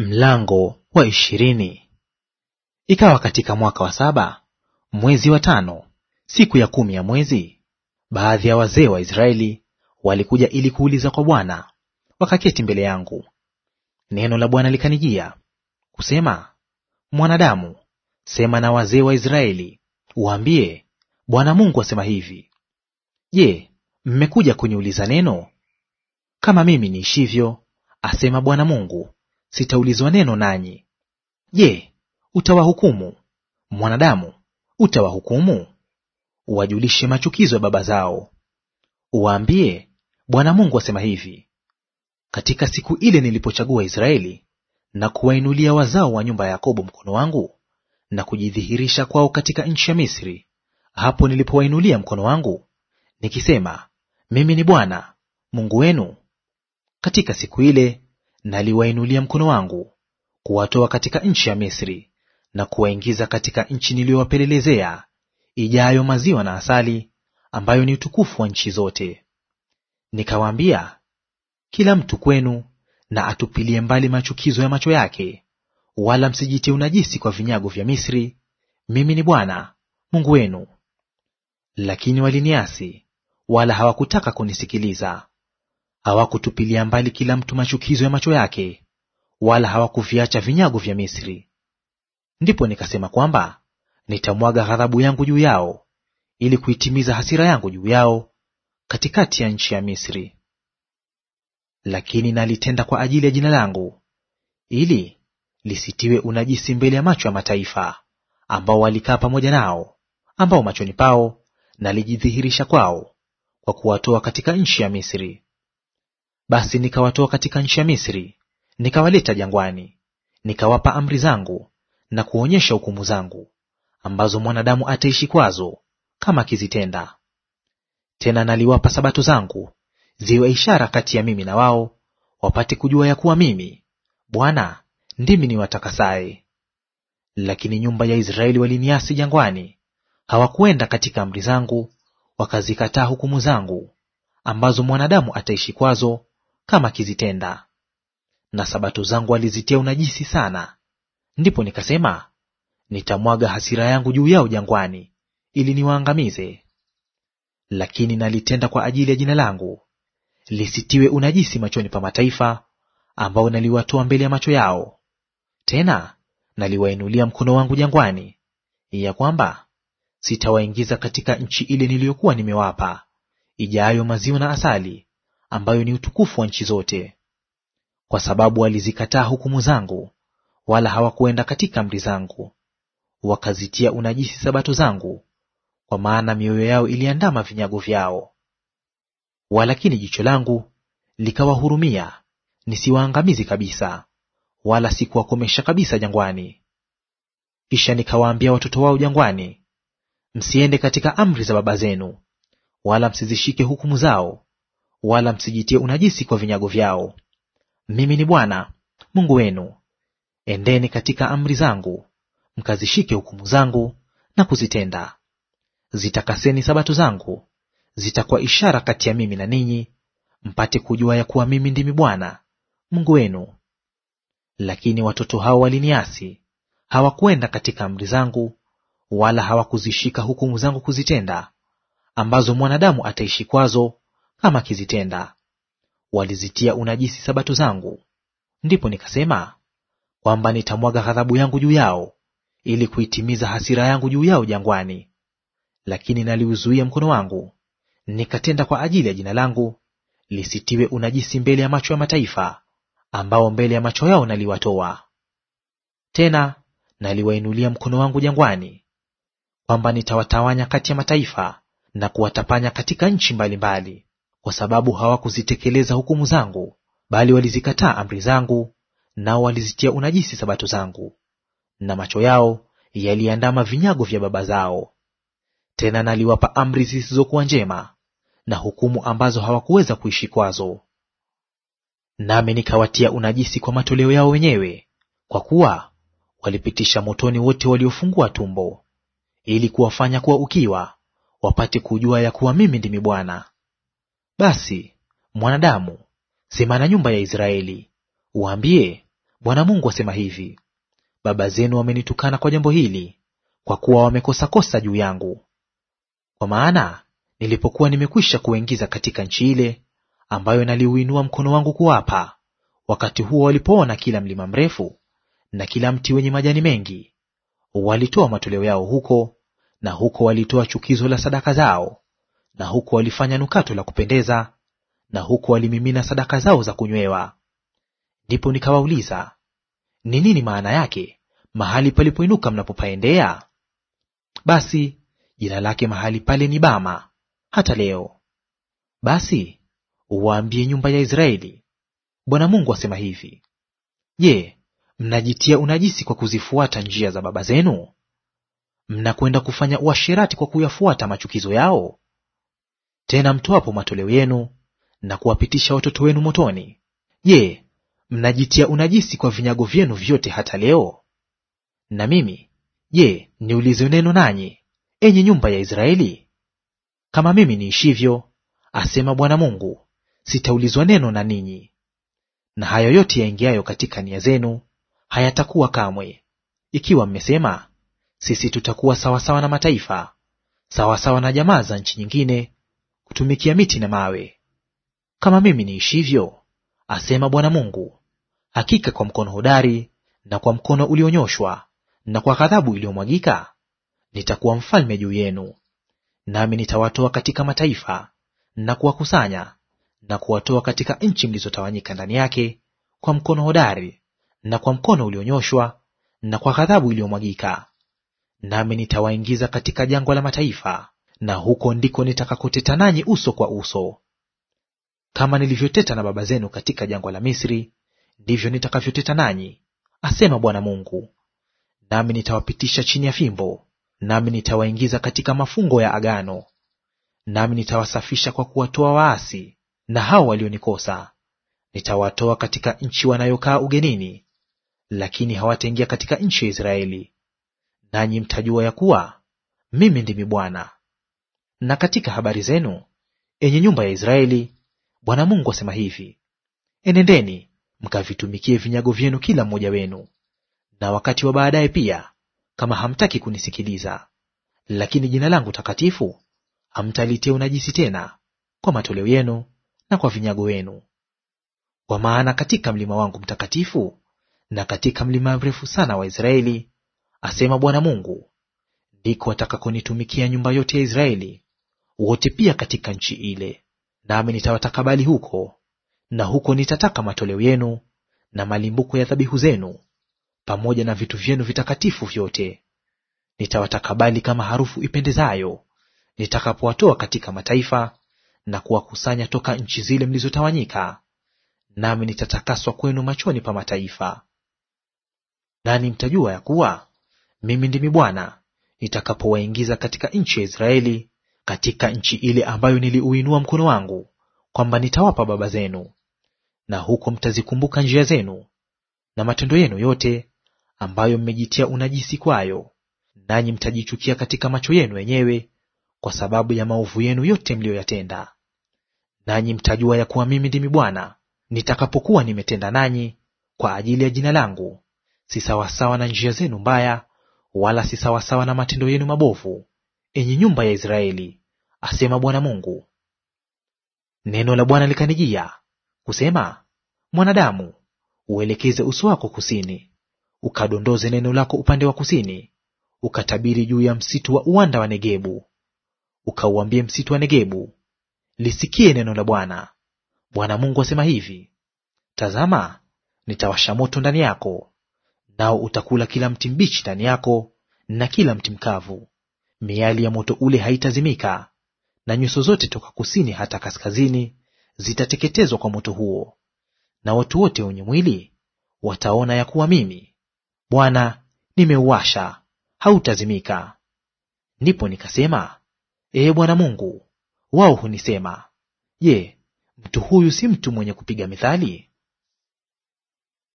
Mlango wa ishirini. Ikawa katika mwaka wa saba mwezi wa tano siku ya kumi ya mwezi, baadhi ya wazee wa Israeli walikuja ili kuuliza kwa Bwana, wakaketi mbele yangu. Neno la Bwana likanijia kusema, mwanadamu, sema na wazee wa Israeli uambie, Bwana Mungu asema hivi, je, mmekuja kuniuliza neno? Kama mimi niishivyo, asema Bwana Mungu, sitaulizwa neno nanyi. Je, utawahukumu? Mwanadamu, utawahukumu? Uwajulishe machukizo ya baba zao. Uwaambie, Bwana Mungu asema hivi, katika siku ile nilipochagua Israeli na kuwainulia wazao wa nyumba ya Yakobo mkono wangu na kujidhihirisha kwao katika nchi ya Misri, hapo nilipowainulia mkono wangu nikisema, mimi ni Bwana Mungu wenu. Katika siku ile naliwainulia mkono wangu kuwatoa katika nchi ya Misri na kuwaingiza katika nchi niliyowapelelezea ijayo maziwa na asali, ambayo ni utukufu wa nchi zote. Nikawaambia, kila mtu kwenu na atupilie mbali machukizo ya macho yake, wala msijitie unajisi kwa vinyago vya Misri. Mimi ni Bwana Mungu wenu. Lakini waliniasi, wala hawakutaka kunisikiliza hawakutupilia mbali kila mtu machukizo ya macho yake, wala hawakuviacha vinyago vya Misri. Ndipo nikasema kwamba nitamwaga ghadhabu yangu juu yao, ili kuitimiza hasira yangu juu yao katikati ya nchi ya Misri. Lakini nalitenda kwa ajili ya jina langu, ili lisitiwe unajisi mbele ya macho ya mataifa, ambao walikaa pamoja nao, ambao machoni pao nalijidhihirisha kwao, kwa kuwatoa katika nchi ya Misri. Basi nikawatoa katika nchi ya Misri, nikawaleta jangwani, nikawapa amri zangu na kuonyesha hukumu zangu, ambazo mwanadamu ataishi kwazo kama akizitenda. Tena naliwapa sabato zangu ziwe ishara kati ya mimi na wao, wapate kujua ya kuwa mimi Bwana ndimi niwatakasaye. Lakini nyumba ya Israeli waliniasi jangwani, hawakuenda katika amri zangu, wakazikataa hukumu zangu, ambazo mwanadamu ataishi kwazo kama akizitenda. Na sabato zangu alizitia unajisi sana. Ndipo nikasema, nitamwaga hasira yangu juu yao jangwani, ili niwaangamize. Lakini nalitenda kwa ajili ya jina langu, lisitiwe unajisi machoni pa mataifa, ambao naliwatoa mbele ya macho yao. Tena naliwainulia mkono wangu jangwani, ya kwamba sitawaingiza katika nchi ile niliyokuwa nimewapa, ijayo maziwa na asali, ambayo ni utukufu wa nchi zote. Kwa sababu walizikataa hukumu zangu, wala hawakuenda katika amri zangu, wakazitia unajisi sabato zangu, kwa maana mioyo yao iliandama vinyago vyao. Walakini jicho langu likawahurumia, nisiwaangamizi kabisa, wala sikuwakomesha kabisa jangwani. Kisha nikawaambia watoto wao jangwani, msiende katika amri za baba zenu, wala msizishike hukumu zao, wala msijitie unajisi kwa vinyago vyao. Mimi ni Bwana Mungu wenu. Endeni katika amri zangu, mkazishike hukumu zangu na kuzitenda. Zitakaseni sabato zangu, zitakuwa ishara kati ya mimi na ninyi, mpate kujua ya kuwa mimi ndimi Bwana Mungu wenu. Lakini watoto hao waliniasi, hawakuenda katika amri zangu, wala hawakuzishika hukumu zangu kuzitenda, ambazo mwanadamu ataishi kwazo kama akizitenda. Walizitia unajisi sabato zangu, ndipo nikasema kwamba nitamwaga ghadhabu yangu juu yao ili kuitimiza hasira yangu juu yao jangwani. Lakini naliuzuia mkono wangu, nikatenda kwa ajili ya jina langu lisitiwe unajisi mbele ya macho ya mataifa, ambao mbele ya macho yao naliwatoa. Tena naliwainulia mkono wangu jangwani, kwamba nitawatawanya kati ya mataifa na kuwatapanya katika nchi mbalimbali, kwa sababu hawakuzitekeleza hukumu zangu, bali walizikataa amri zangu, nao walizitia unajisi sabato zangu, na macho yao yaliandama vinyago vya baba zao. Tena naliwapa amri zisizokuwa njema na hukumu ambazo hawakuweza kuishi kwazo, nami nikawatia unajisi kwa matoleo yao wenyewe, kwa kuwa walipitisha motoni wote waliofungua tumbo, ili kuwafanya kuwa ukiwa, wapate kujua ya kuwa mimi ndimi Bwana. Basi mwanadamu, sema na nyumba ya Israeli, uambie, Bwana Mungu asema hivi, baba zenu wamenitukana kwa jambo hili, kwa kuwa wamekosakosa juu yangu. Kwa maana nilipokuwa nimekwisha kuwaingiza katika nchi ile ambayo naliuinua mkono wangu kuwapa, wakati huo walipoona kila mlima mrefu na kila mti wenye majani mengi, walitoa matoleo yao huko, na huko walitoa chukizo la sadaka zao na huko walifanya nukato la kupendeza, na huko walimimina sadaka zao za kunywewa. Ndipo nikawauliza, ni nini maana yake mahali palipoinuka mnapopaendea? Basi jina lake mahali pale ni Bama hata leo. Basi uwaambie nyumba ya Israeli, Bwana Mungu asema hivi: Je, mnajitia unajisi kwa kuzifuata njia za baba zenu? Mnakwenda kufanya uasherati kwa kuyafuata machukizo yao? Tena mtoapo matoleo yenu na kuwapitisha watoto wenu motoni, je, mnajitia unajisi kwa vinyago vyenu vyote hata leo? Na mimi je, niulize neno nanyi, enye nyumba ya Israeli? Kama mimi niishivyo, asema Bwana Mungu, sitaulizwa neno na ninyi. Na hayo yote yaingiayo katika nia zenu hayatakuwa kamwe, ikiwa mmesema, sisi tutakuwa sawasawa na mataifa, sawasawa na jamaa za nchi nyingine, kutumikia miti na mawe. Kama mimi niishivyo, asema Bwana Mungu, hakika kwa mkono hodari na kwa mkono ulionyoshwa na kwa ghadhabu iliyomwagika nitakuwa mfalme juu yenu. Nami nitawatoa katika mataifa na kuwakusanya na kuwatoa katika nchi mlizotawanyika ndani yake kwa mkono hodari na kwa mkono ulionyoshwa na kwa ghadhabu iliyomwagika. Nami nitawaingiza katika jangwa la mataifa na huko ndiko nitakakoteta nanyi uso kwa uso. Kama nilivyoteta na baba zenu katika jangwa la Misri, ndivyo nitakavyoteta nanyi, asema Bwana Mungu. Nami nitawapitisha chini ya fimbo, nami nitawaingiza katika mafungo ya agano, nami nitawasafisha kwa kuwatoa waasi na hao walionikosa. Nitawatoa katika nchi wanayokaa ugenini, lakini hawataingia katika nchi ya Israeli. Nanyi mtajua ya kuwa mimi ndimi Bwana. Na katika habari zenu, enye nyumba ya Israeli, Bwana Mungu asema hivi, enendeni mkavitumikie vinyago vyenu kila mmoja wenu, na wakati wa baadaye pia, kama hamtaki kunisikiliza. Lakini jina langu takatifu hamtalitia unajisi tena kwa matoleo yenu na kwa vinyago wenu. Kwa maana katika mlima wangu mtakatifu na katika mlima mrefu sana wa Israeli, asema Bwana Mungu, ndiko atakakonitumikia nyumba yote ya Israeli wote pia katika nchi ile, nami nitawatakabali huko, na huko nitataka matoleo yenu na malimbuko ya dhabihu zenu pamoja na vitu vyenu vitakatifu vyote. Nitawatakabali kama harufu ipendezayo, nitakapowatoa katika mataifa na kuwakusanya toka nchi zile mlizotawanyika, nami nitatakaswa kwenu machoni pa mataifa. Nani mtajua ya kuwa mimi ndimi Bwana nitakapowaingiza katika nchi ya Israeli katika nchi ile ambayo niliuinua mkono wangu kwamba nitawapa baba zenu, na huko mtazikumbuka njia zenu na matendo yenu yote ambayo mmejitia unajisi kwayo, nanyi mtajichukia katika macho yenu wenyewe kwa sababu ya maovu yenu yote mliyoyatenda. Nanyi mtajua ya kuwa mimi ndimi Bwana nitakapokuwa nimetenda nanyi kwa ajili ya jina langu, si sawasawa na njia zenu mbaya, wala si sawasawa na matendo yenu mabovu, enyi nyumba ya Israeli asema Bwana Mungu. Neno la Bwana likanijia kusema, mwanadamu, uelekeze uso wako kusini, ukadondoze neno lako upande wa kusini, ukatabiri juu ya msitu wa uwanda wa Negebu, ukauambie msitu wa Negebu, lisikie neno la Bwana. Bwana Mungu asema hivi, tazama, nitawasha moto ndani yako, nao utakula kila mti mbichi ndani yako na kila mti mkavu; miali ya moto ule haitazimika, na nyuso zote toka kusini hata kaskazini zitateketezwa kwa moto huo, na watu wote wenye mwili wataona ya kuwa mimi Bwana nimeuasha, hautazimika. Ndipo nikasema, Ee Bwana Mungu, wao hunisema, Je, mtu huyu si mtu mwenye kupiga mithali?